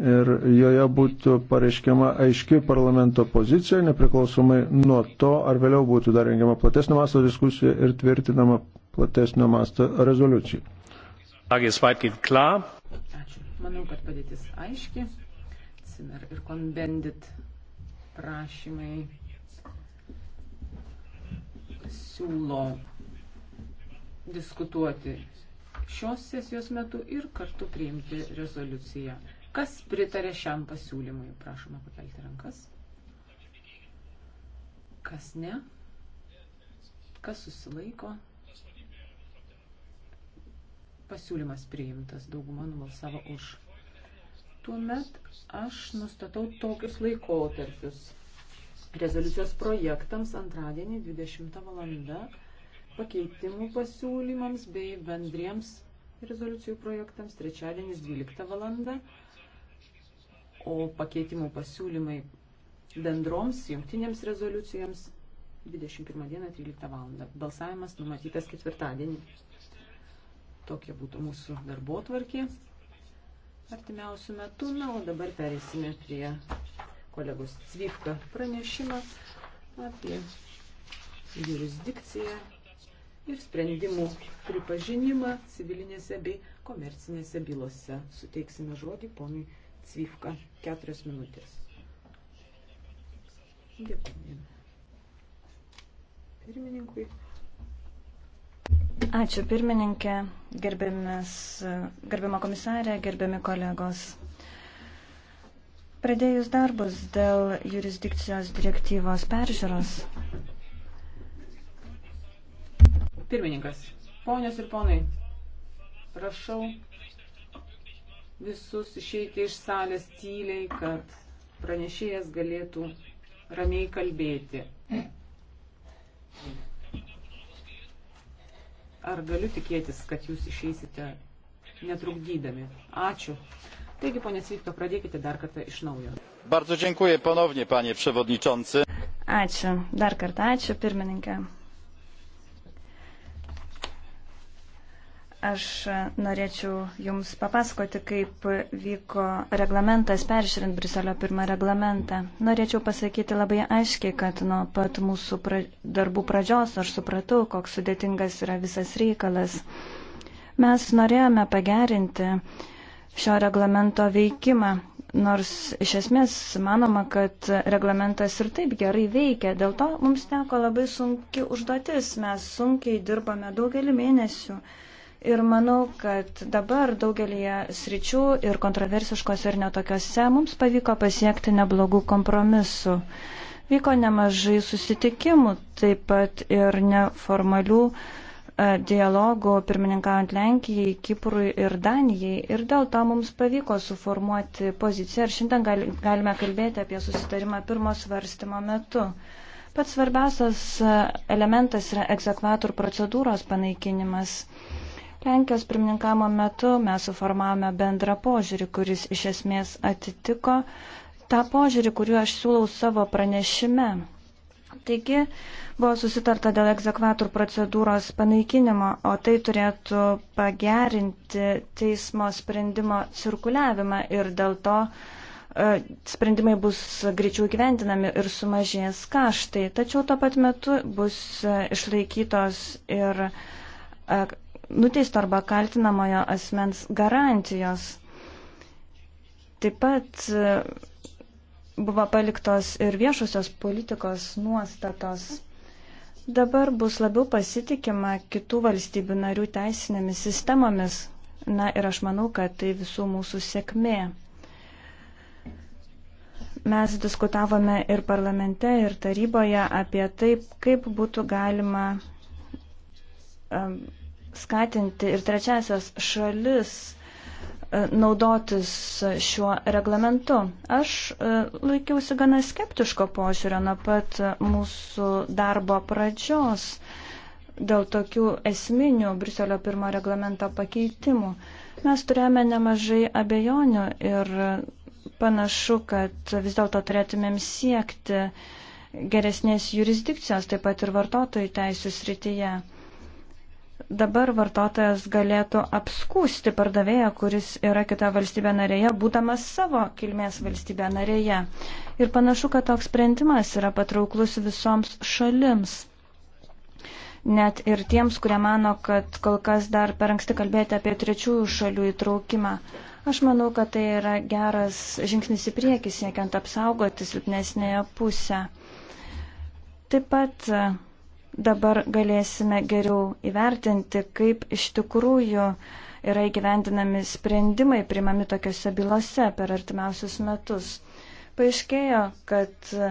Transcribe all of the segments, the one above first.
ir joje būtų pareiškiama aiški parlamento pozicija, nepriklausomai nuo to, ar vėliau būtų dar rengiama platesnio masto diskusija ir tvirtinama platesnio masto rezoliucija. Ačiū. Manau, kad padėtis aiški. Cimer ir konbendit prašymai siūlo diskutuoti šios sesijos metu ir kartu priimti rezoliuciją. Kas pritarė šiam pasiūlymui? Prašoma pakelti rankas. Kas ne? Kas susilaiko? Pasiūlymas priimtas, dauguma nubalsavo už. Tuomet aš nustatau tokius laikotarpius. Rezoliucijos projektams antradienį 20 valanda pakeitimų pasiūlymams bei bendriems rezoliucijų projektams trečiadienis 12 valanda o pakeitimų pasiūlymai bendroms jungtinėms rezoliucijoms 21 dieną 13 val. Balsavimas numatytas ketvirtadienį. Tokia būtų mūsų darbo tvarkė artimiausių metų. Na, o dabar perėsime prie kolegos Cvifka pranešimą apie jurisdikciją ir sprendimų pripažinimą civilinėse bei komercinėse bylose. Suteiksime žodį ponui Cvifka, keturios minutės. Dėkui. Pirmininkui. Ačiū pirmininkė, gerbiama komisarė, gerbiami kolegos. Pradėjus darbus dėl jurisdikcijos direktyvos peržiūros. Pirmininkas, ponios ir ponai, prašau visus išeiti iš salės tyliai, kad pranešėjas galėtų ramiai kalbėti. Ar galiu tikėtis, kad jūs išeisite netrukdydami? Ačiū. Taigi, ponė Svitko, pradėkite dar kartą iš naujo. Bardzo dziękuję ponownie, panie przewodniczący. Ačiū. Dar kartą ačiū, pirmininkė. Aš norėčiau Jums papasakoti, kaip vyko reglamentas peržiūrint Briselio pirmą reglamentą. Norėčiau pasakyti labai aiškiai, kad nuo pat mūsų pra darbų pradžios aš supratau, koks sudėtingas yra visas reikalas. Mes norėjome pagerinti šio reglamento veikimą, nors iš esmės manoma, kad reglamentas ir taip gerai veikia. Dėl to mums teko labai sunki užduotis. Mes sunkiai dirbame daugelį mėnesių Ir manau, kad dabar daugelį sričių ir kontroversiškos ir netokiose mums pavyko pasiekti neblogų kompromisų. Vyko nemažai susitikimų, taip pat ir neformalių e, dialogų pirmininkaujant Lenkijai, Kiprui ir Danijai. Ir dėl to mums pavyko suformuoti poziciją ir šiandien galime kalbėti apie susitarimą pirmo svarstymo metu. Pats svarbiausias e, elementas yra egzekvator procedūros panaikinimas. Lenkijos pirmininkamo metu mes suformavome bendrą požiūrį, kuris iš esmės atitiko tą požiūrį, kuriuo aš siūlau savo pranešime. Taigi buvo susitarta dėl egzekvator procedūros panaikinimo, o tai turėtų pagerinti teismo sprendimo cirkuliavimą ir dėl to e, sprendimai bus greičiau gyventinami ir sumažės kaštai. Tačiau tuo pat metu bus e, išlaikytos ir e, nuteisto arba kaltinamojo asmens garantijos. Taip pat e, buvo paliktos ir viešusios politikos nuostatos. Dabar bus labiau pasitikima kitų valstybių narių teisinėmis sistemomis. Na ir aš manau, kad tai visų mūsų sėkmė. Mes diskutavome ir parlamente, ir taryboje apie taip, kaip būtų galima um, skatinti ir trečiasias šalis e, naudotis šiuo reglamentu. Aš e, laikiausi gana skeptiško požiūrio nuo pat mūsų darbo pradžios dėl tokių esminių Briuselio pirmo reglamento pakeitimų. Mes turėjome nemažai abejonių ir panašu, kad vis dėlto turėtumėm siekti geresnės jurisdikcijos, taip pat ir vartotojų teisų srityje dabar vartotojas galėtų apskūsti pardavėją, kuris yra kita valstybė narėje, būdamas savo kilmės valstybė narėje. Ir panašu, kad toks sprendimas yra patrauklus visoms šalims. Net ir tiems, kurie mano, kad kol kas dar per anksti kalbėti apie trečiųjų šalių įtraukimą. Aš manau, kad tai yra geras žingsnis į priekį, siekiant apsaugoti silpnesnėje pusę. Taip pat Dabar galėsime geriau įvertinti, kaip iš tikrųjų yra įgyvendinami sprendimai primami tokiuose bylose per artimiausius metus. Paaiškėjo, kad e,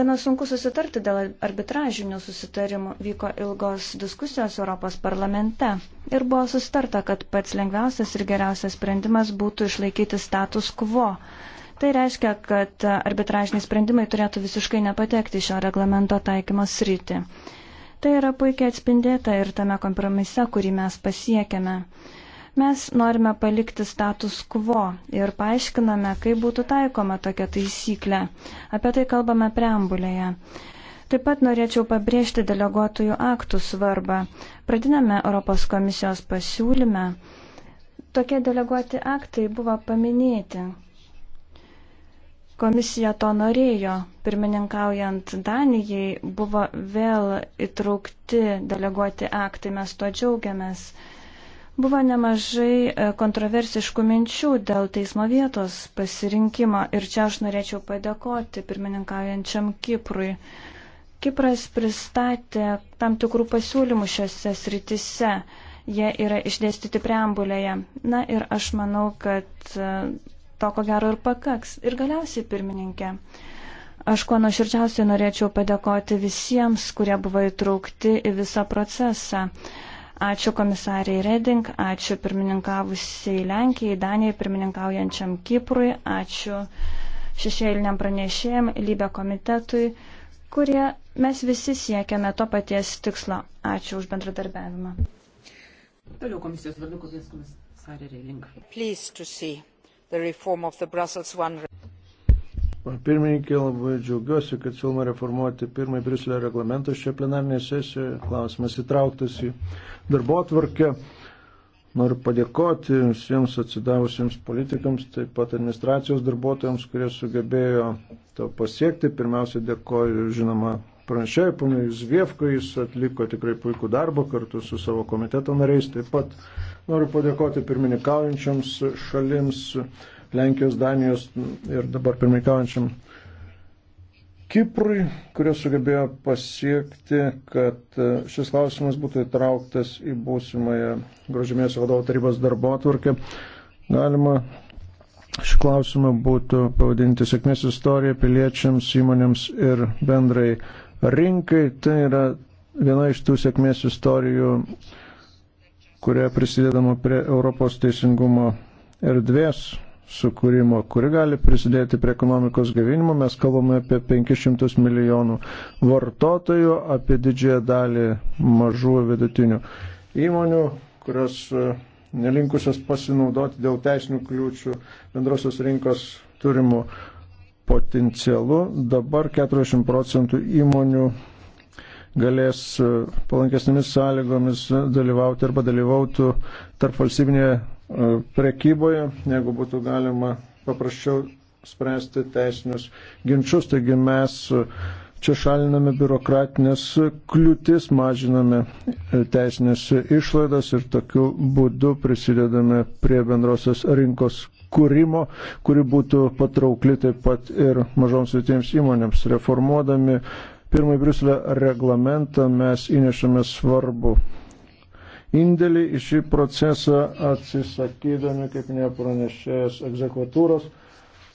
Gana sunku susitarti dėl arbitražinių susitarimų. Vyko ilgos diskusijos Europos parlamente ir buvo susitarta, kad pats lengviausias ir geriausias sprendimas būtų išlaikyti status quo. Tai reiškia, kad arbitražiniai sprendimai turėtų visiškai nepatekti šio reglamento taikymo sritį. Tai yra puikiai atspindėta ir tame kompromise, kurį mes pasiekėme. Mes norime palikti status quo ir paaiškiname, kaip būtų taikoma tokia taisyklė. Apie tai kalbame preambulėje. Taip pat norėčiau pabrėžti deleguotojų aktų svarbą. Pradiname Europos komisijos pasiūlyme. Tokie deleguoti aktai buvo paminėti. Komisija to norėjo. Pirmininkaujant Danijai buvo vėl įtraukti deleguoti aktai, mes to džiaugiamės. Buvo nemažai e, kontroversiškų minčių dėl teismo vietos pasirinkimo ir čia aš norėčiau padėkoti pirmininkaujančiam Kiprui. Kipras pristatė tam tikrų pasiūlymų šiose sritise. Jie yra išdėstyti preambulėje. Na ir aš manau, kad e, to ko gero ir pakaks. Ir galiausiai, pirmininkė, aš kuo nuoširdžiausiai norėčiau padėkoti visiems, kurie buvo įtraukti į visą procesą. Ačiū komisariai Reding, ačiū pirmininkavusiai Lenkijai, Danijai, pirmininkaujančiam Kiprui, ačiū šešėliniam pranešėjim, lybė komitetui, kurie mes visi siekiame to paties tikslo. Ačiū už bendradarbiavimą. Toliau komisijos vardu, kokias komisarė Reding the reform of the Brussels I. Pirmininkė, labai džiaugiuosi, kad siūloma reformuoti pirmąjį Briuselio reglamentą šią plenarinę sesiją. Klausimas įtrauktas į darbo atvarkę. Noriu padėkoti visiems atsidavusiems politikams, taip pat administracijos darbuotojams, kurie sugebėjo to pasiekti. Pirmiausia, dėkoju, žinoma, pranešėjai, ponai Zviefko, jis atliko tikrai puikų darbą kartu su savo komiteto nariais. Taip pat noriu padėkoti pirmininkaujančiams šalims, Lenkijos, Danijos ir dabar pirmininkaujančiam Kiprui, kurie sugebėjo pasiekti, kad šis klausimas būtų įtrauktas į būsimąją gražymės vadovų tarybos darbo atvarkę. Galima šį klausimą būtų pavadinti sėkmės istorija piliečiams, įmonėms ir bendrai rinkai. Tai yra viena iš tų sėkmės istorijų, kuria prisidedama prie Europos teisingumo erdvės sukūrimo, kuri gali prisidėti prie ekonomikos gavinimo. Mes kalbame apie 500 milijonų vartotojų, apie didžiąją dalį mažų vidutinių įmonių, kurios e, nelinkusios pasinaudoti dėl teisinių kliūčių bendrosios rinkos turimų potencialu. Dabar 40 procentų įmonių galės e, palankesnėmis sąlygomis dalyvauti arba dalyvautų tarp valstybinėje e, prekyboje, jeigu būtų galima paprasčiau spręsti teisinius ginčius. Taigi mes e, čia šaliname biurokratinės kliūtis, mažiname teisinės išlaidas ir tokiu būdu prisidedame prie bendrosios rinkos kūrimo, kuri būtų patraukli taip pat ir mažoms vietiems įmonėms. Reformuodami pirmąjį Briuselio reglamentą mes įnešame svarbu indėlį į šį procesą atsisakydami, kaip nepranešėjas, egzekvatūros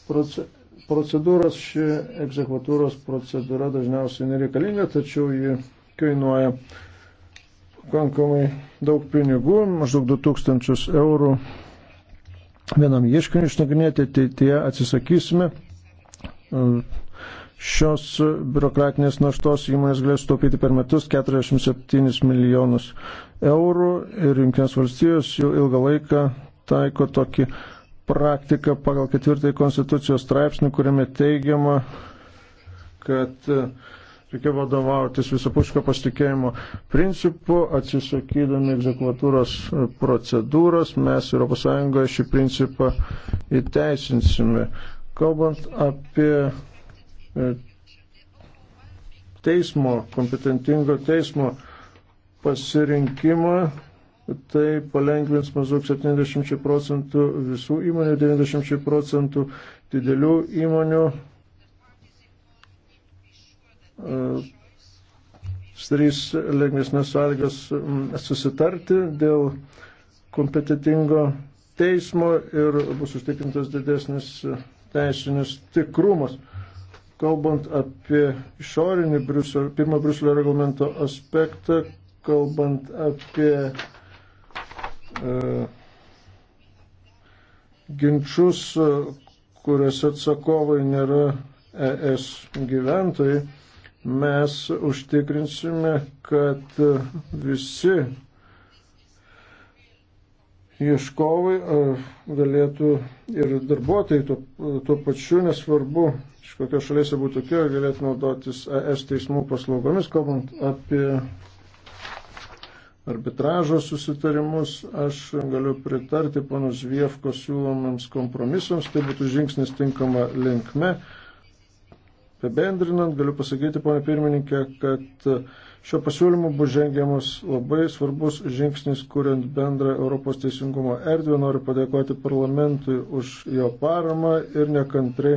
procedūros. Ši egzekvatūros procedūra dažniausiai nereikalinga, tačiau ji kainuoja pakankamai daug pinigų, maždaug 2000 eurų vienam ieškiniui išnagrinėti, tai tie atsisakysime. Šios biurokratinės naštos įmonės galės sutaupyti per metus 47 milijonus eurų ir Junktinės valstijos jau ilgą laiką taiko tokį praktiką pagal ketvirtąjį konstitucijos straipsnį, kuriame teigiama, kad uh, reikia vadovautis visapuško pasitikėjimo principu, atsisakydami egzekvatūros procedūros, mes ES šį principą įteisinsime. Kalbant apie e, teismo, kompetentingo teismo pasirinkimą, tai palengvins maždaug 70 procentų visų įmonių, 90 procentų didelių įmonių sudarys lengvesnės sąlygas mm, susitarti dėl kompetitingo teismo ir bus užtikrintas didesnis teisinis tikrumas. Kalbant apie išorinį Briuselio, pirmą Briuselio reglamento aspektą, kalbant apie e, ginčius, kuriuose atsakovai nėra ES gyventojai, mes užtikrinsime, kad visi ieškovai galėtų ir darbuotojai tuo, tuo pačiu, nesvarbu, iš kokios šalies jie būtų tokie, galėtų naudotis ES teismų paslaugomis, kalbant apie arbitražo susitarimus, aš galiu pritarti panos Vievko siūlomams kompromisams, tai būtų žingsnis tinkama linkme. Apibendrinant, galiu pasakyti, ponė pirmininkė, kad šio pasiūlymu bus žengiamas labai svarbus žingsnis, kuriant bendrą Europos teisingumo erdvę. Noriu padėkoti parlamentui už jo paramą ir nekantrai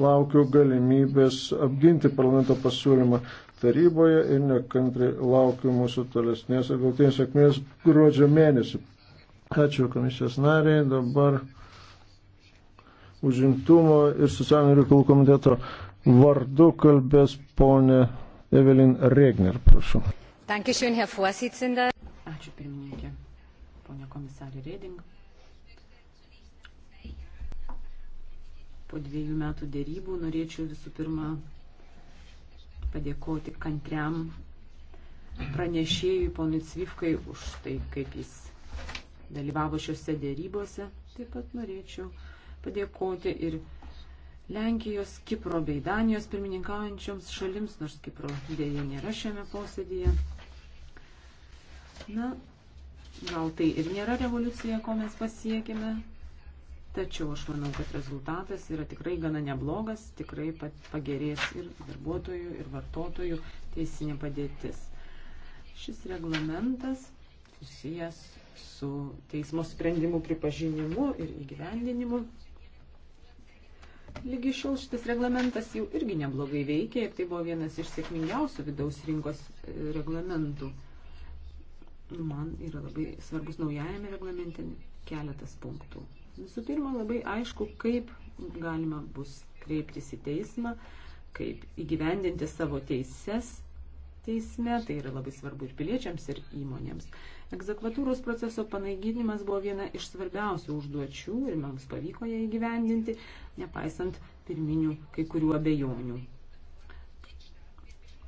laukiu galimybės apginti parlamento pasiūlymą taryboje ir nekantrai laukiu mūsų tolesnės ir galtinės sėkmės gruodžio mėnesį. Ačiū komisijos nariai, dabar užimtumo ir socialinių reikalų komiteto vardu kalbės ponė Evelin Regner, prašau. Dankeschön, Herr Vorsitzender. Ačiū pirmininkė, ponė komisarė Reding. Po dviejų metų dėrybų norėčiau visų pirma padėkoti kantriam pranešėjui ponui Cvifkai už tai, kaip jis dalyvavo šiuose dėrybose. Taip pat norėčiau padėkoti ir Lenkijos, Kipro bei Danijos pirmininkaujančioms šalims, nors Kipro dėja nėra šiame posėdėje. Na, gal tai ir nėra revoliucija, ko mes pasiekime, tačiau aš manau, kad rezultatas yra tikrai gana neblogas, tikrai pagerės ir darbuotojų, ir vartotojų teisinė padėtis. Šis reglamentas susijęs su teismo sprendimų pripažinimu ir įgyvendinimu lygi šiol šitas reglamentas jau irgi neblogai veikia ir tai buvo vienas iš sėkmingiausių vidaus rinkos e, reglamentų. Man yra labai svarbus naujajame reglamente keletas punktų. Visų pirma, labai aišku, kaip galima bus kreiptis į teismą, kaip įgyvendinti savo teises teisme, tai yra labai svarbu ir piliečiams, ir įmonėms. Egzekvatūros proceso panaikinimas buvo viena iš svarbiausių užduočių ir mums pavyko ją įgyvendinti, nepaisant pirminių kai kurių abejonių.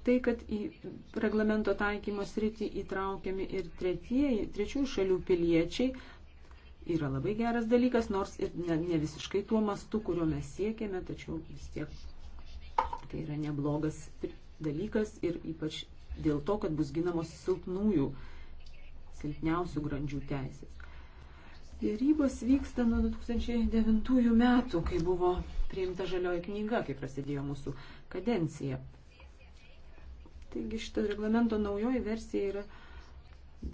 Tai, kad į reglamento taikymo sritį įtraukiami ir tretieji, trečių šalių piliečiai, yra labai geras dalykas, nors ir ne, ne visiškai tuo mastu, kurio mes siekėme, tačiau vis tiek tai yra neblogas dalykas ir ypač dėl to, kad bus ginamos silpnųjų, silpniausių grandžių teisės. Dėrybos vyksta nuo 2009 metų, kai buvo priimta žalioji knyga, kai prasidėjo mūsų kadencija. Taigi šito reglamento naujoji versija yra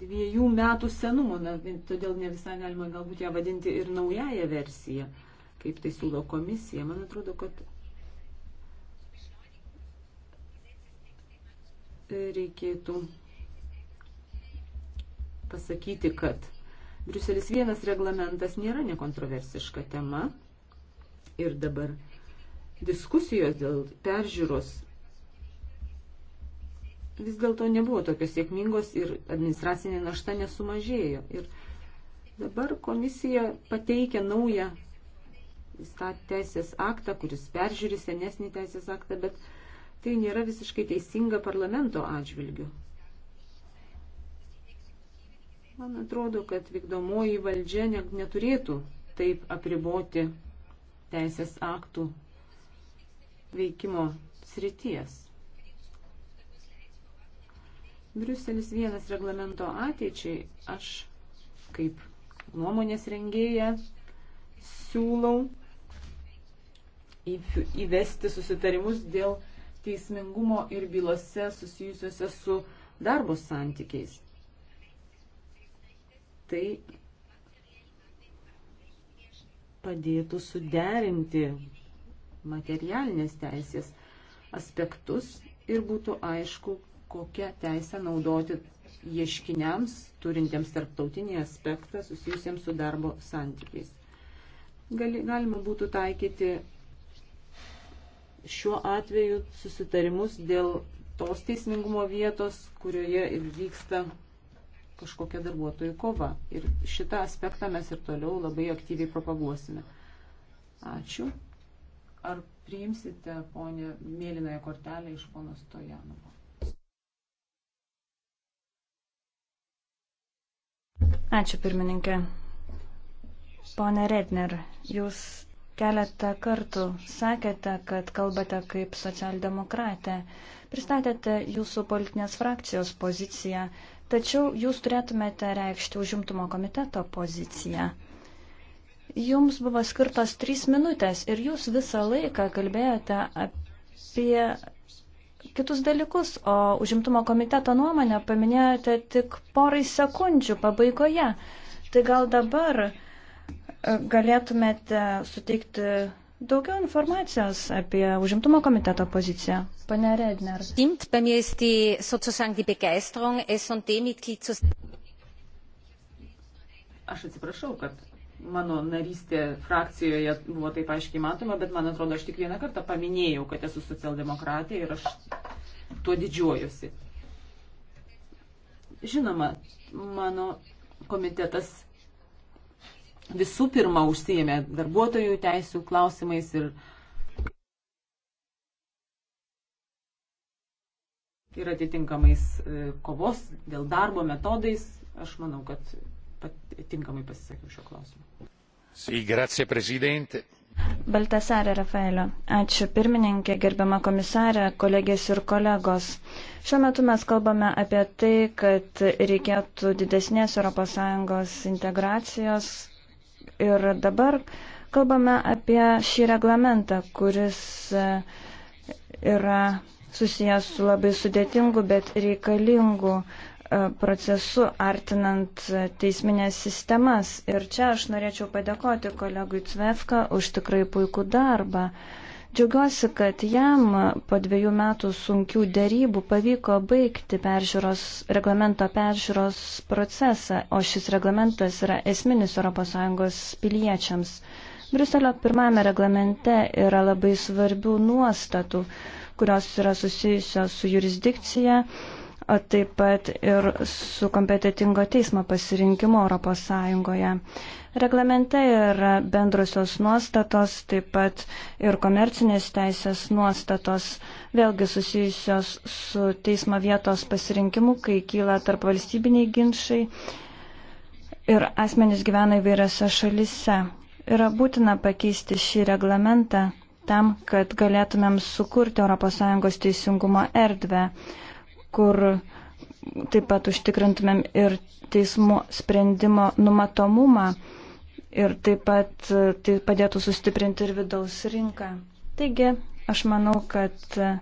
dviejų metų senumo, na, todėl ne visai galima galbūt ją vadinti ir naująją versiją, kaip tai siūlo komisija. Man atrodo, kad reikėtų pasakyti, kad Briuselis vienas reglamentas nėra nekontroversiška tema ir dabar diskusijos dėl peržiūros vis dėlto nebuvo tokios sėkmingos ir administracinė našta nesumažėjo. Ir dabar komisija pateikia naują teisės aktą, kuris peržiūri senesnį teisės aktą, bet tai nėra visiškai teisinga parlamento atžvilgiu. Man atrodo, kad vykdomoji valdžia neturėtų taip apriboti teisės aktų veikimo srities. Briuselis vienas reglamento ateičiai aš kaip nuomonės rengėja siūlau įvesti susitarimus dėl teismingumo ir bylose susijusiuose su darbo santykiais. Tai padėtų suderinti materialinės teisės aspektus ir būtų aišku, kokią teisę naudoti ieškiniams, turintiems tarptautinį aspektą susijusiems su darbo santykiais. Gali, galima būtų taikyti šiuo atveju susitarimus dėl tos teismingumo vietos, kurioje vyksta kažkokia darbuotojų kova. Ir šitą aspektą mes ir toliau labai aktyviai propaguosime. Ačiū. Ar priimsite, ponė, mėlynąją kortelę iš pono Stojanovo? Ačiū, pirmininkė. Pone Redner, jūs keletą kartų sakėte, kad kalbate kaip socialdemokratė, pristatėte jūsų politinės frakcijos poziciją, tačiau jūs turėtumėte reikšti užimtumo komiteto poziciją. Jums buvo skirtos trys minutės ir jūs visą laiką kalbėjote apie kitus dalykus, o užimtumo komiteto nuomonę paminėjote tik porai sekundžių pabaigoje. Tai gal dabar galėtumėte suteikti daugiau informacijos apie užimtumo komiteto poziciją. Pane Redner. Stimmt, bei mir ist die sozusagen die Begeisterung S&D-Mitglied zu... Aš atsiprašau, kad mano narystė frakcijoje buvo taip aiškiai matoma, bet man atrodo, aš tik vieną kartą paminėjau, kad esu socialdemokratė ir aš tuo didžiuojuosi. Žinoma, mano komitetas visų pirma užsijėmė darbuotojų teisų klausimais ir, ir atitinkamais e, kovos dėl darbo metodais. Aš manau, kad tinkamai pasisakiau šio klausimu. Sì, grazie Presidente. Baltasarė Rafaelio. Ačiū pirmininkė, gerbiama komisarė, kolegės ir kolegos. Šiuo metu mes kalbame apie tai, kad reikėtų didesnės ES integracijos, Ir dabar kalbame apie šį reglamentą, kuris e, yra susijęs su labai sudėtingu, bet reikalingu e, procesu artinant e, teisminės sistemas. Ir čia aš norėčiau padėkoti kolegui Cvefka už tikrai puikų darbą. Džiaugiuosi, kad jam po dviejų metų sunkių dėrybų pavyko baigti peržiūros, reglamento peržiūros procesą, o šis reglamentas yra esminis ES piliečiams. Briuselio pirmame reglamente yra labai svarbių nuostatų, kurios yra susijusios su jurisdikcija, o taip pat ir su kompetitingo teismo pasirinkimu ES. Reglamente yra bendrusios nuostatos, taip pat ir komercinės teisės nuostatos, vėlgi susijusios su teismo vietos pasirinkimu, kai kyla tarp valstybiniai ginčiai ir asmenys gyvena įvairiose šalise. Yra būtina pakeisti šį reglamentą tam, kad galėtumėm sukurti ES teisingumo erdvę kur taip pat užtikrintumėm ir teismų sprendimo numatomumą ir taip pat e, tai padėtų sustiprinti ir vidaus rinką. Taigi, aš manau, kad e,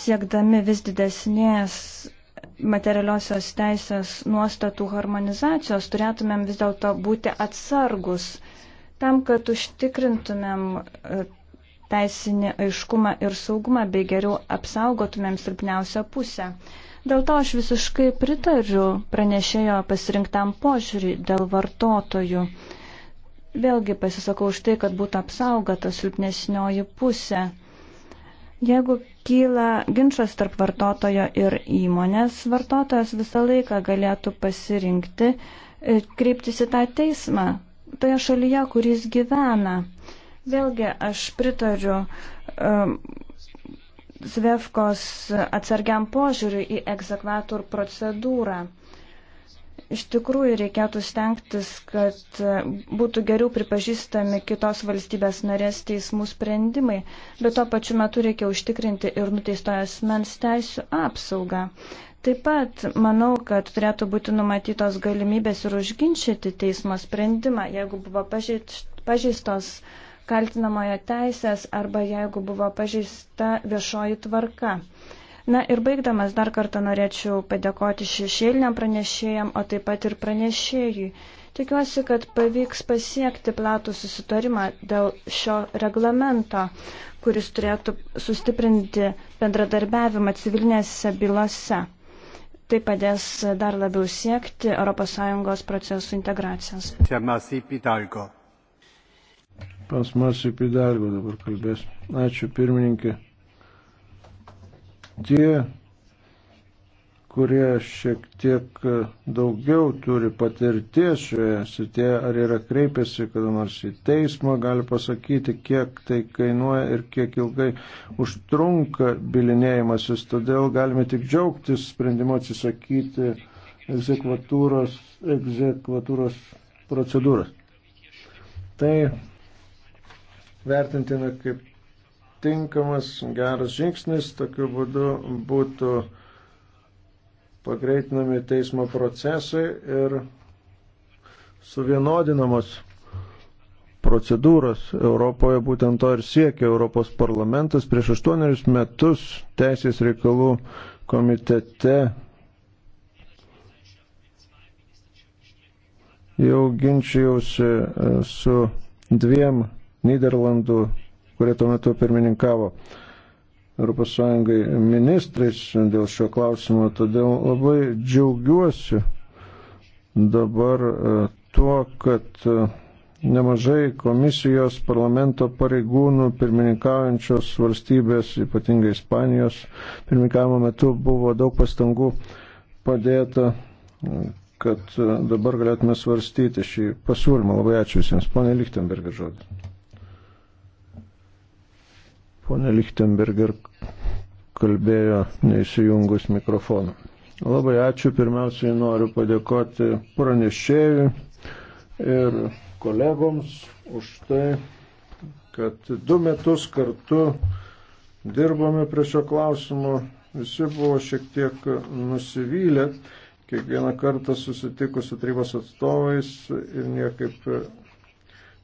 siekdami vis didesnės materialiosios teisės nuostatų harmonizacijos turėtumėm vis dėlto būti atsargus tam, kad užtikrintumėm e, teisinį aiškumą ir saugumą, bei geriau apsaugotumėm silpniausią pusę. Dėl to aš visiškai pritariu pranešėjo pasirinktam požiūriui dėl vartotojų. Vėlgi pasisakau už tai, kad būtų apsaugota silpnesnioji pusė. Jeigu kyla ginčas tarp vartotojo ir įmonės, vartotojas visą laiką galėtų pasirinkti e, kreiptis į tą teismą toje šalyje, kuris gyvena. Vėlgi aš pritariu um, Zvevkos atsargiam požiūriu į egzekvator procedūrą. Iš tikrųjų reikėtų stengtis, kad būtų geriau pripažįstami kitos valstybės narės teismų sprendimai, bet tuo pačiu metu reikia užtikrinti ir nuteistojo asmens teisų apsaugą. Taip pat manau, kad turėtų būti numatytos galimybės ir užginčyti teismo sprendimą, jeigu buvo pažeistos kaltinamojo teisės arba jeigu buvo pažeista viešoji tvarka. Na ir baigdamas dar kartą norėčiau padėkoti šešėliniam pranešėjam, o taip pat ir pranešėjui. Tikiuosi, kad pavyks pasiekti platų susitarimą dėl šio reglamento, kuris turėtų sustiprinti bendradarbiavimą civilinėse bylose. Tai padės dar labiau siekti ES procesų integracijos. Čia mes į Pitalko. Pas Marsi Pidalgo dabar kalbės. Ačiū pirmininkė. Tie, kurie šiek tiek daugiau turi patirties šioje sitie, ar yra kreipėsi kada nors į teismą, gali pasakyti, kiek tai kainuoja ir kiek ilgai užtrunka bilinėjimasis. Todėl galime tik džiaugtis sprendimu atsisakyti egzekvatūros, egzekvatūros procedūros. Tai vertintina kaip tinkamas, geras žingsnis, tokiu būdu būtų pagreitinami teismo procesai ir suvienodinamos procedūros Europoje, būtent to ir siekia Europos parlamentas. Prieš aštuonerius metus Teisės reikalų komitete jau ginčiausi e, su dviem Niderlandų, kurie tuo metu pirmininkavo ES ministrais dėl šio klausimo. Todėl labai džiaugiuosi dabar e, tuo, kad e, nemažai komisijos parlamento pareigūnų pirmininkaujančios valstybės, ypatingai Ispanijos, pirmininkavimo metu buvo daug pastangų padėta, e, kad dabar galėtume svarstyti šį pasiūlymą. Labai ačiū visiems. Pone Lichtenberger žodis. Pone Lichtenberger kalbėjo neįsijungus mikrofoną. Labai ačiū. Pirmiausiai noriu padėkoti pranešėjui ir kolegoms už tai, kad du metus kartu dirbome prie šio klausimo. Visi buvo šiek tiek nusivylę, kiekvieną kartą susitikus su tarybos atstovais ir niekaip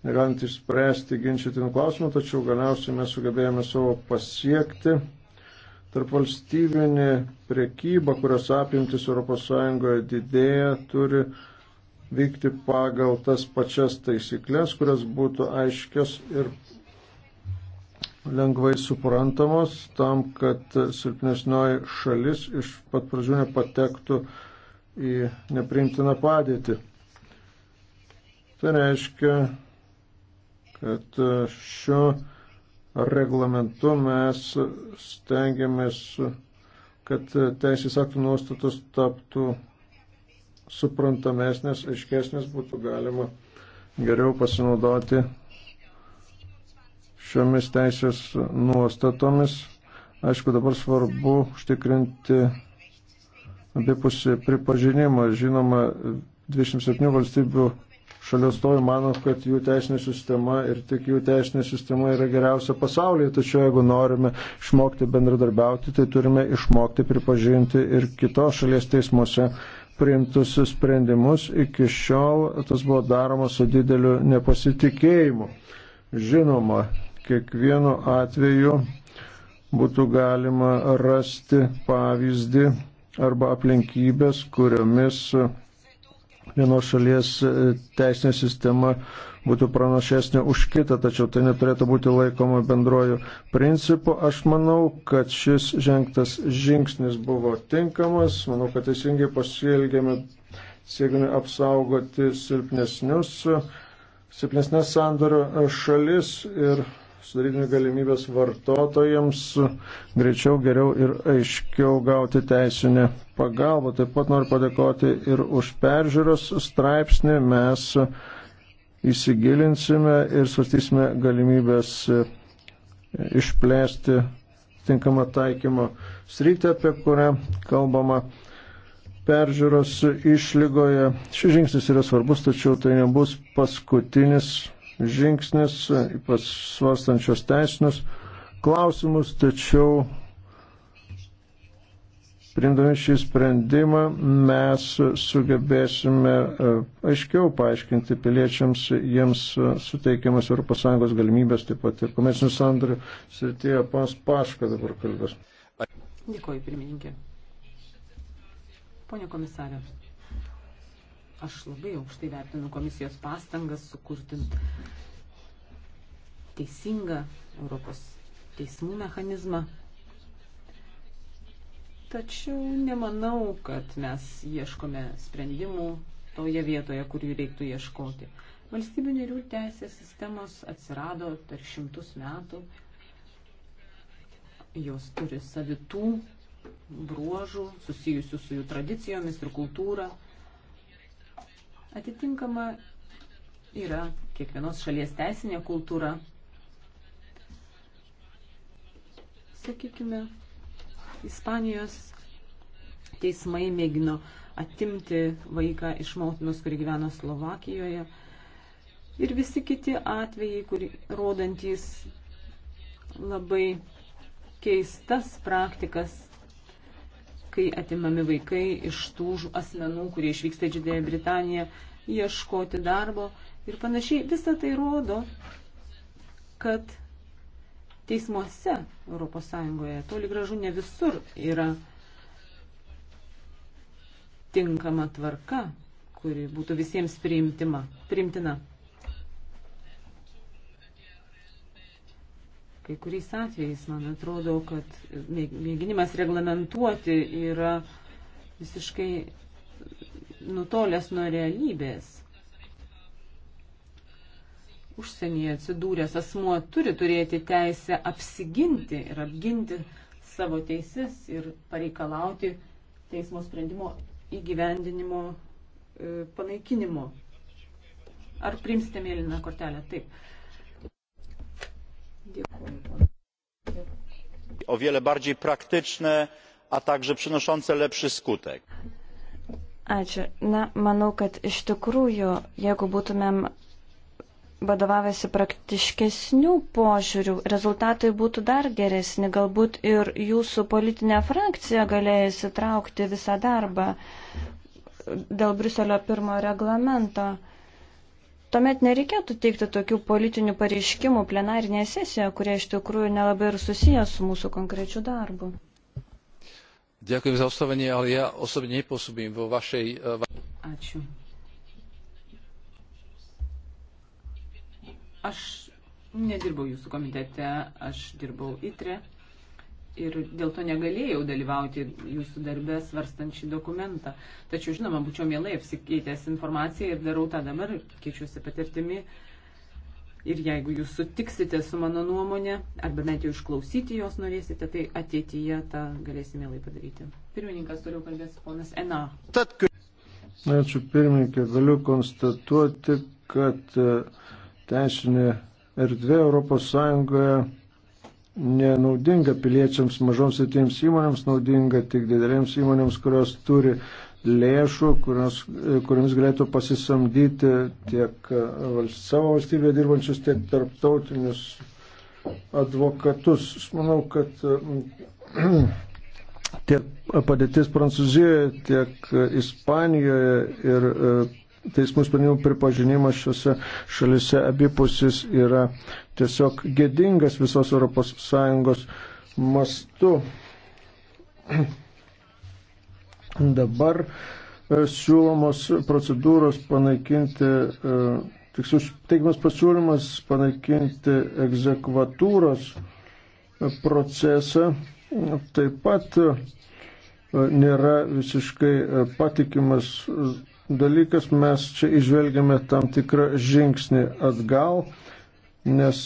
negalant išspręsti ginčytinų klausimų, tačiau galiausiai mes sugebėjome savo pasiekti. Tarp valstybinė priekyba, kurios apimtis ES didėja, turi vykti pagal tas pačias taisyklės, kurios būtų aiškios ir lengvai suprantamos tam, kad silpnesnioji šalis iš pat pradžių nepatektų į neprimtiną padėtį. Tai reiškia, kad e, šio reglamentu mes stengiamės, kad teisės aktų nuostatos taptų suprantamesnės, aiškesnės, būtų galima geriau pasinaudoti šiomis teisės nuostatomis. Aišku, dabar svarbu užtikrinti abipusį pripažinimą. Žinoma, 27 valstybių šalia stovi, mano, kad jų teisinė sistema ir tik jų teisinė sistema yra geriausia pasaulyje. Tačiau jeigu norime išmokti bendradarbiauti, tai turime išmokti pripažinti ir kitos šalies teismuose priimtus sprendimus. Iki šiol tas buvo daroma su dideliu nepasitikėjimu. Žinoma, kiekvienu atveju būtų galima rasti pavyzdį arba aplinkybės, kuriomis vienos šalies e, teisinė sistema būtų pranašesnė už kitą, tačiau tai neturėtų būti laikoma bendroju principu. Aš manau, kad šis žengtas žingsnis buvo tinkamas, manau, kad teisingai pasielgėme siekdami apsaugoti silpnesnius, silpnesnės sandorio šalis ir sudarydami galimybės vartotojams greičiau, geriau ir aiškiau gauti teisinę pagalbą. Taip pat noriu padėkoti ir už peržiūros straipsnį. Mes įsigilinsime ir svarstysime galimybės išplėsti tinkamą taikymo sritį, apie kurią kalbama peržiūros išlygoje. Šis žingsnis yra svarbus, tačiau tai nebus paskutinis žingsnis, ypač svarstančios teisinius klausimus, tačiau Primdami šį sprendimą mes sugebėsime e, aiškiau paaiškinti piliečiams jiems e, suteikiamas ES galimybės, taip pat ir komercinių sandorių srityje. Pas Paška dabar kalbės. Dėkuoju, pirmininkė. Pone komisarė, Aš labai aukštai vertinu komisijos pastangas sukurti teisingą Europos teismų mechanizmą. Tačiau nemanau, kad mes ieškome sprendimų toje vietoje, kur jų reiktų ieškoti. Valstybių narių teisės sistemos atsirado per šimtus metų. Jos turi savitų bruožų susijusių su jų tradicijomis ir kultūra. Atitinkama yra kiekvienos šalies teisinė kultūra. Sakykime, Ispanijos teismai mėgino atimti vaiką iš motinos, kuri gyveno Slovakijoje. Ir visi kiti atvejai, kuri rodantys labai keistas praktikas kai atimami vaikai iš tų asmenų, kurie išvyksta į Didėją Britaniją ieškoti darbo ir panašiai. Visą tai rodo, kad teismuose ES toli gražu ne visur yra tinkama tvarka, kuri būtų visiems priimtima, priimtina. Kai kuriais atvejais, man atrodo, kad mėginimas reglamentuoti yra visiškai nutolęs nuo realybės. Užsienyje atsidūręs asmuo turi turėti teisę apsiginti ir apginti savo teises ir pareikalauti teismo sprendimo įgyvendinimo e, panaikinimo. Ar primsite mėlyną kortelę? Taip. Dėkui. O wiele bardziej praktyczne, a także przynoszące lepszy skutek. Ačiū. Na, manau, kad iš tikrųjų, jeigu būtumėm vadovavęsi praktiškesnių požiūrių, rezultatai būtų dar geresni, galbūt ir jūsų politinė frakcija galėjo įsitraukti visą darbą dėl Briuselio pirmo reglamento. Tuomet nereikėtų teikti tokių politinių pareiškimų plenarinėje sesijoje, kurie iš tikrųjų nelabai ir susijęs su mūsų konkrečiu darbu. Ďakujem za oslovenie, ale ja osobne nepôsobím vo vašej... E, Ačiū. Aš nedirbau jūsų komitete, aš dirbau ITRE ir dėl to negalėjau dalyvauti jūsų darbę svarstant šį dokumentą. Tačiau, žinoma, būčiau mielai apsikeitęs informaciją ir darau tą dabar, keičiuosi patirtimi. Ir jeigu jūs sutiksite su mano nuomonė, arba bent jau išklausyti jos norėsite, tai ateityje tą galėsime mielai padaryti. Pirmininkas toliau kalbės ponas Ena. Ačiū pirmininkė, galiu konstatuoti, kad e, teisinė erdvė Europos Sąjungoje nenaudinga piliečiams, mažoms ir tiems įmonėms, naudinga tik didelėms įmonėms, kurios turi lėšų, kurios, e, kuriams galėtų pasisamdyti tiek e, savo valstybėje dirbančius, tiek tarptautinius advokatus. Aš manau, kad e, tiek padėtis Prancūzijoje, tiek Ispanijoje ir teismų sprendimų pripažinimas šiuose šalise abipusis yra tiesiog gėdingas visos ES mastu. Dabar e, siūlomos procedūros panaikinti, e, tiksliau teikimas pasiūlymas panaikinti egzekvatūros e, procesą taip pat nėra visiškai patikimas dalykas, mes čia išvelgiame tam tikrą žingsnį atgal, nes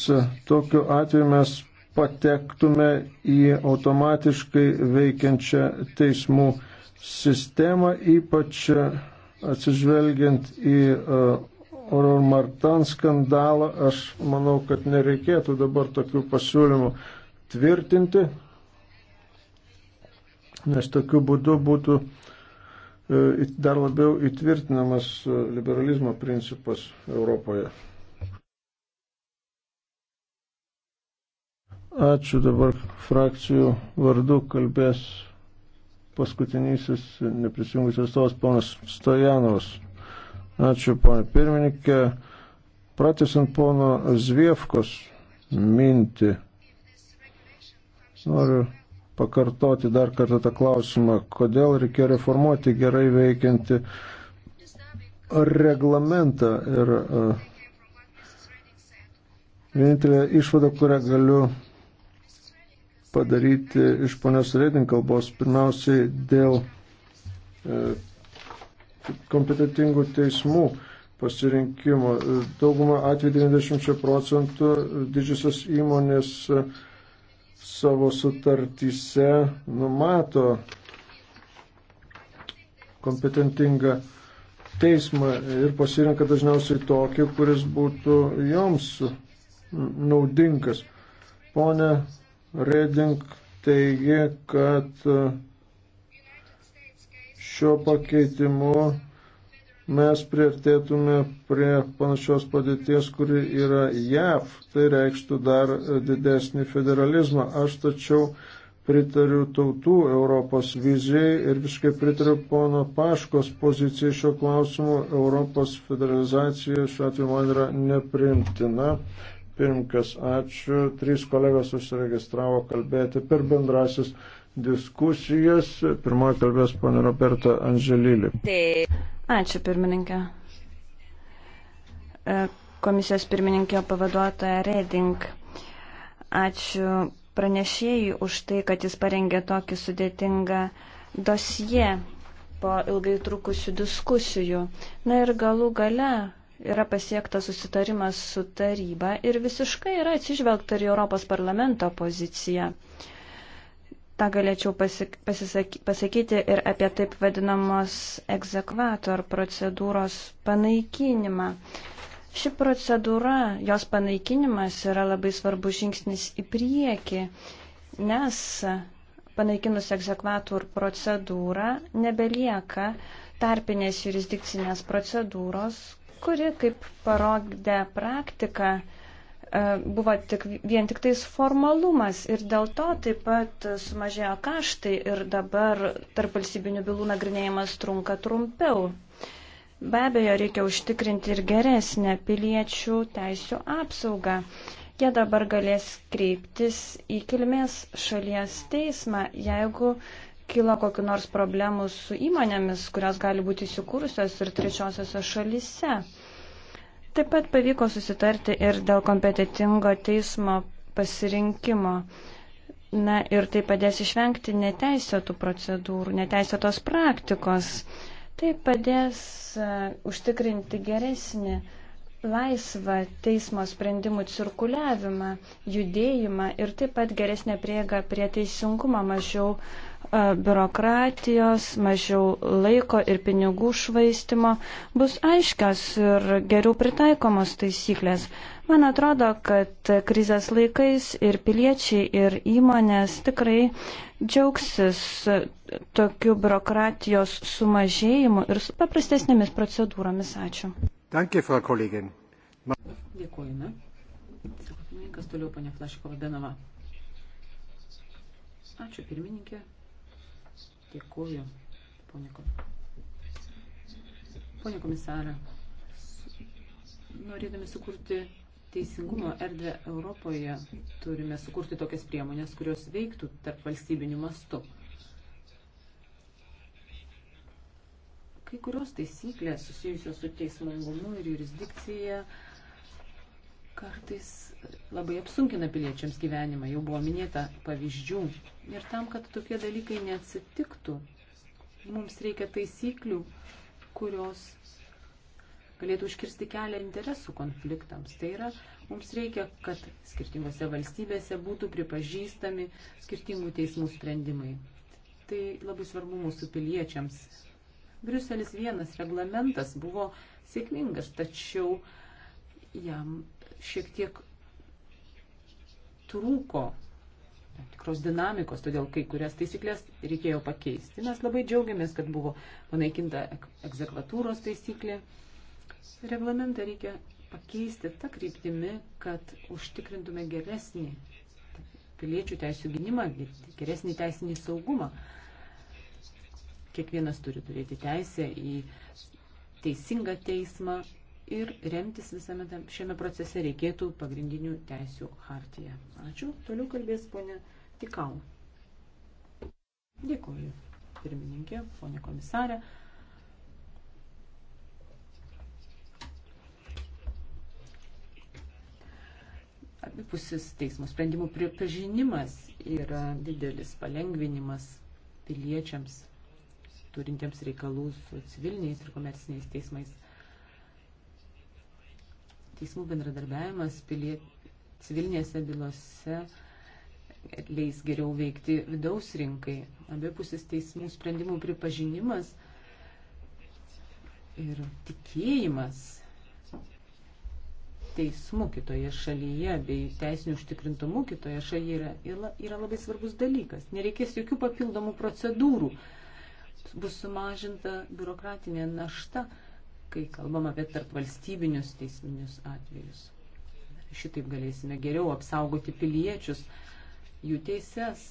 tokiu atveju mes patektume į automatiškai veikiančią teismų sistemą, ypač atsižvelgiant į uh, Oror Martan skandalą, aš manau, kad nereikėtų dabar tokių pasiūlymų tvirtinti, nes tokiu būdu būtų uh, E, dar labiau įtvirtinamas e, liberalizmo principas Europoje. Ačiū dabar frakcijų vardu kalbės paskutinysis neprisijungusios tos ponas Stojanovas. Ačiū, ponė pirmininkė. Pratysant pono Zviefkos mintį, noriu pakartoti dar kartą tą klausimą, kodėl reikėjo reformuoti gerai veikianti reglamentą. Ir e, vienintelė išvada, kurią galiu padaryti iš ponios Redin kalbos, pirmiausiai dėl e, kompetitingų teismų pasirinkimo. Daugumą atveju 90 procentų didžiosios įmonės savo sutartyse numato kompetentingą teismą ir pasirenka dažniausiai tokį, kuris būtų joms naudingas. Pone Reding teigia, kad šiuo pakeitimu mes priartėtume prie panašios padėties, kuri yra JAV, tai reikštų dar didesnį federalizmą. Aš tačiau pritariu tautų Europos vizijai ir visiškai pritariu pono Paškos pozicijai šio klausimu. Europos federalizacija šiuo atveju man yra nepriimtina. Pirmkas, ačiū. Trys kolegos užsiregistravo kalbėti per bendrasis diskusijas. Pirmoji kalbės pana Roberta Anželylį. Taip. Ačiū, pirmininkė. E, komisijos pirmininkė pavaduotoja Reding. Ačiū pranešėjai už tai, kad jis parengė tokį sudėtingą dosie po ilgai trukusių diskusijų. Na ir galų gale yra pasiektas susitarimas su taryba ir visiškai yra atsižvelgta ir Europos parlamento pozicija. Ta galėčiau pasakyti ir apie taip vadinamos egzekvator procedūros panaikinimą. Ši procedūra, jos panaikinimas yra labai svarbus žingsnis į priekį, nes panaikinus egzekvator procedūrą nebelieka tarpinės jurisdikcinės procedūros, kuri, kaip parodė praktika, E, buvo tik, vien tik tais formalumas ir dėl to taip pat sumažėjo kaštai ir dabar tarp valstybinių bylų nagrinėjimas trunka trumpiau. Be abejo, reikia užtikrinti ir geresnę piliečių teisų apsaugą. Jie dabar galės kreiptis į kilmės šalies teismą, jeigu kilo kokiu nors problemu su įmonėmis, kurios gali būti įsikūrusios ir trečiosiose šalise. Taip pat pavyko susitarti ir dėl kompetitingo teismo pasirinkimo. Na ir tai padės išvengti neteisėtų procedūrų, neteisėtos praktikos. Tai padės uh, užtikrinti geresnį laisvą teismo sprendimų cirkuliavimą, judėjimą ir taip pat geresnę priegą prie teisingumo, mažiau uh, E, biurokratijos, mažiau laiko ir pinigų švaistimo, bus aiškios ir geriau pritaikomos taisyklės. Man atrodo, kad krizės laikais ir piliečiai, ir įmonės tikrai džiaugsis tokiu biurokratijos sumažėjimu ir su paprastesnėmis procedūromis. Ačiū. Danke, Frau Kollegin. Dėkojame. Sako pirmininkas toliau, ponia Flašikova Benova. Ačiū pirmininkė. Dėkuoju, ponė komisarė. Ponė komisarė, norėdami sukurti teisingumo erdvę Europoje, turime sukurti tokias priemonės, kurios veiktų tarp valstybinių mastų. Kai kurios taisyklės susijusios su teismingumu ir jurisdikcija kartais labai apsunkina piliečiams gyvenimą. Jau buvo minėta pavyzdžių. Ir tam, kad tokie dalykai neatsitiktų, mums reikia taisyklių, kurios galėtų užkirsti kelią interesų konfliktams. Tai yra, mums reikia, kad skirtingose valstybėse būtų pripažįstami skirtingų teismų sprendimai. Tai labai svarbu mūsų piliečiams. Briuselis vienas reglamentas buvo sėkmingas, tačiau jam šiek tiek trūko tam tikros dinamikos, todėl kai kurias taisyklės reikėjo pakeisti. Mes labai džiaugiamės, kad buvo panaikinta egzekvatūros taisyklė. Reglamentą reikia pakeisti tą kryptimį, kad užtikrintume geresnį piliečių teisų gynimą, geresnį teisinį saugumą. Kiekvienas turi turėti teisę į teisingą teismą, ir remtis visame tam, šiame procese reikėtų pagrindinių teisių hartiją. Ačiū. Toliau kalbės ponė Tikau. Dėkuoju, pirmininkė, ponė komisarė. abipusis teismo sprendimų pripažinimas yra didelis palengvinimas piliečiams, turintiems reikalų su civiliniais ir komerciniais teismais teismų bendradarbiavimas piliet, civilinėse bylose leis geriau veikti vidaus rinkai. Abipusis teismų sprendimų pripažinimas ir tikėjimas teismų kitoje šalyje bei teisinių užtikrintumų kitoje šalyje yra, yra labai svarbus dalykas. Nereikės jokių papildomų procedūrų. Bus sumažinta biurokratinė našta kai kalbam apie tarpvalstybinius teisminius atvejus. Šitaip galėsime geriau apsaugoti piliečius, jų teises.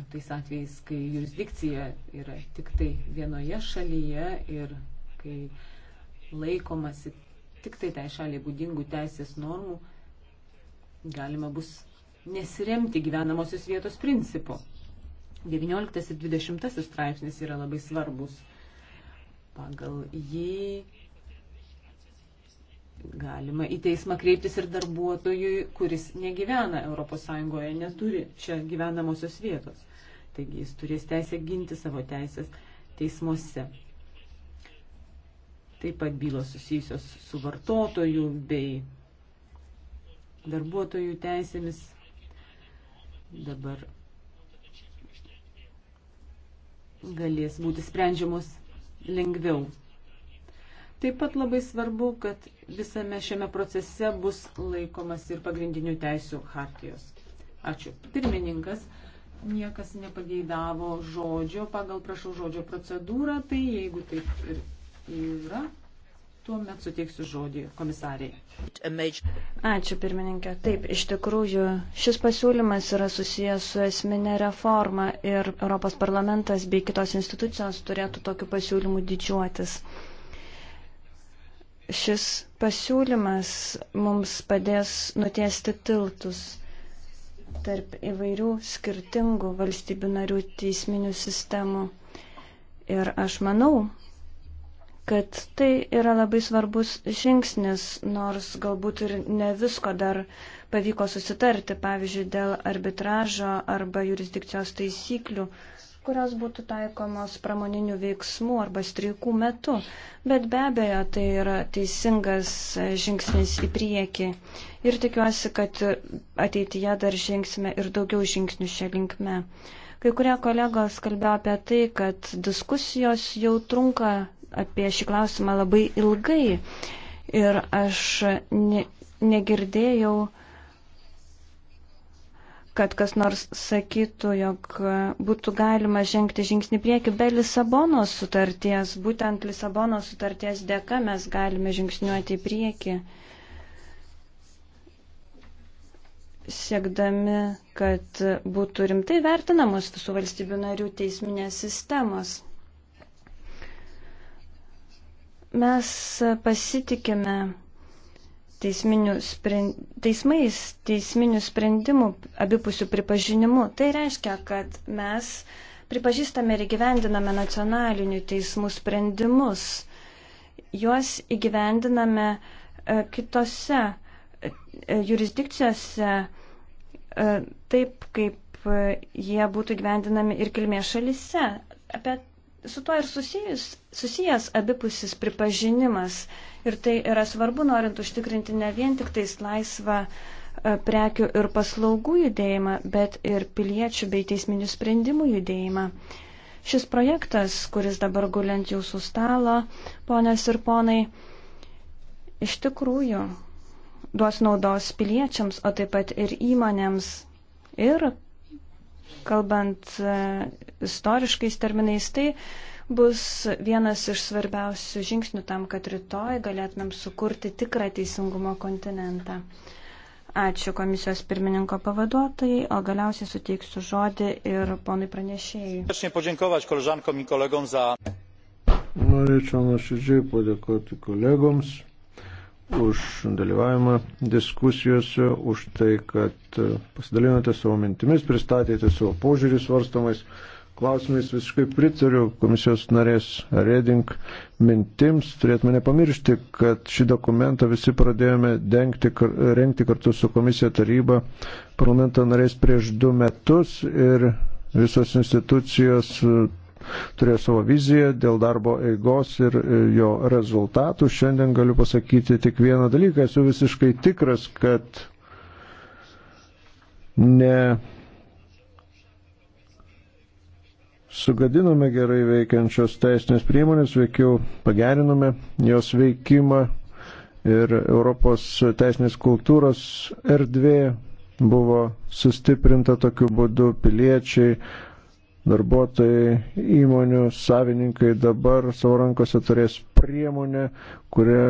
Ir tais atvejais, kai jurisdikcija yra tik tai vienoje šalyje ir kai laikomasi tik tai tai šaliai būdingų teisės normų, galima bus nesiremti gyvenamosios vietos principu. 19 ir 20 straipsnis yra labai svarbus Pagal jį galima į teismą kreiptis ir darbuotojui, kuris negyvena ES, neturi čia gyvenamosios vietos. Taigi jis turės teisę ginti savo teisės teismuose. Taip pat bylos susijusios su vartotojų bei darbuotojų teisėmis. Dabar galės būti sprendžiamos lengviau. Taip pat labai svarbu, kad visame šiame procese bus laikomas ir pagrindinių teisų hartijos. Ačiū. Pirmininkas, niekas nepageidavo žodžio, pagal prašau žodžio procedūrą, tai jeigu taip ir yra, Tuomet suteiksiu žodį komisariai. Ačiū pirmininkė. Taip, iš tikrųjų, šis pasiūlymas yra susijęs su esminė reforma ir Europos parlamentas bei kitos institucijos turėtų tokiu pasiūlymu didžiuotis. Šis pasiūlymas mums padės nutiesti tiltus tarp įvairių skirtingų valstybių narių teisminių sistemų. Ir aš manau, kad tai yra labai svarbus žingsnis, nors galbūt ir ne visko dar pavyko susitarti, pavyzdžiui, dėl arbitražo arba jurisdikcijos taisyklių, kurios būtų taikomos pramoninių veiksmų arba streikų metu. Bet be abejo, tai yra teisingas žingsnis į priekį ir tikiuosi, kad ateityje dar žingsime ir daugiau žingsnių šią linkme. Kai kurie kolegos kalbėjo apie tai, kad diskusijos jau trunka apie šį klausimą labai ilgai ir aš ne, negirdėjau, kad kas nors sakytų, jog būtų galima žengti žingsnį prieki be Lisabonos sutarties. Būtent Lisabonos sutarties dėka mes galime žingsniuoti į priekį, siekdami, kad būtų rimtai vertinamos visų valstybių narių teisminės sistemos. Mes pasitikime teisminių sprend... teismais, teisminių sprendimų abipusių pripažinimu. Tai reiškia, kad mes pripažįstame ir įgyvendiname nacionalinių teismų sprendimus. Juos įgyvendiname e, kitose e, jurisdikcijose e, taip, kaip jie būtų gyvendinami ir kilmės šalise. Apie su tuo ir susijus, susijęs abipusis pripažinimas. Ir tai yra svarbu, norint užtikrinti ne vien tik tais laisvą e, prekių ir paslaugų judėjimą, bet ir piliečių bei teisminių sprendimų judėjimą. Šis projektas, kuris dabar guliant jūsų stalo, ponės ir ponai, iš tikrųjų duos naudos piliečiams, o taip pat ir įmonėms ir kalbant e, istoriškais terminais, tai bus vienas iš svarbiausių žingsnių tam, kad rytoj galėtumėm sukurti tikrą teisingumo kontinentą. Ačiū komisijos pirmininko pavaduotojai, o galiausiai suteiksiu žodį ir ponui pranešėjai. Norėčiau nuoširdžiai padėkoti kolegoms už dalyvavimą diskusijose, už tai, kad e, pasidalinote savo mintimis, pristatėte savo požiūrį svarstomais klausimais. Visiškai pritariu komisijos narės Reding mintims. Turėtume nepamiršti, kad šį dokumentą visi pradėjome dengti, rengti kartu su komisija taryba parlamento narės prieš du metus ir visos institucijos turėjo savo viziją dėl darbo eigos ir e, jo rezultatų. Šiandien galiu pasakyti tik vieną dalyką. Esu visiškai tikras, kad ne sugadinome gerai veikiančios teisinės priemonės, veikiau pagerinome jos veikimą ir Europos teisinės kultūros erdvė buvo sustiprinta tokiu būdu piliečiai, darbuotojai, įmonių savininkai dabar savo rankose turės priemonę, kurie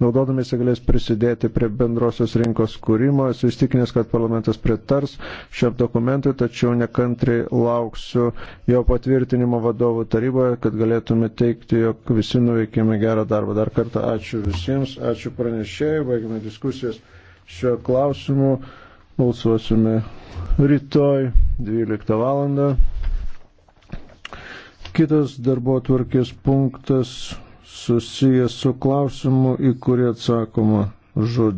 naudodamėsi galės prisidėti prie bendrosios rinkos kūrimo. Esu įstikinęs, kad parlamentas pritars šiam dokumentui, tačiau nekantriai lauksiu jo patvirtinimo vadovų taryboje, kad galėtume teikti, jog visi nuveikėme gerą darbą. Dar kartą ačiū visiems, ačiū pranešėjai, baigime diskusijas šiuo klausimu balsuosime rytoj 12 val. Kitas darbo tvarkės punktas susijęs su klausimu, į kurį atsakoma žodžiu.